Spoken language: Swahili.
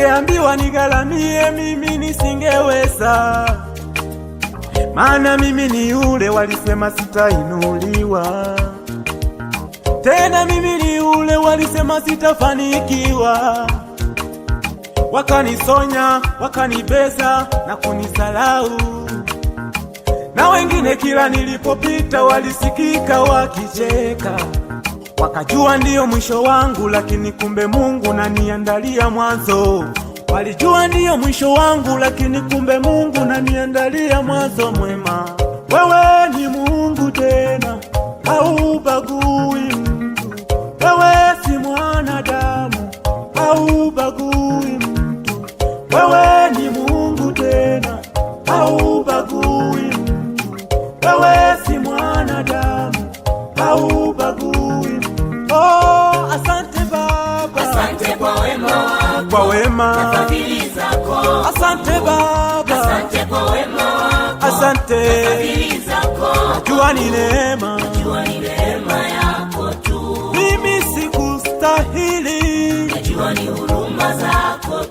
Ningeambiwa nigalamie mimi nisingeweza, maana mimi ni yule walisema sitainuliwa tena, mimi ni yule walisema sitafanikiwa, wakanisonya wakanibeza na kunisalau, na wengine kila nilipopita walisikika wakicheka. Wakajua ndiyo mwisho wangu, lakini kumbe Mungu naniandalia mwanzo. Walijua ndiyo mwisho wangu, lakini kumbe Mungu naniandalia mwanzo mwema. Wewe ni Mungu tena, haubagui mtu. Wewe si mwanadamu, haubagui mtu. Wewe ni Mungu tena, haubagui mtu. Wewe si mwanadamu kwa wema, asante Baba, asante kwa wema asante ni neema, yako tu, mimi sikustahili, najua ni huruma za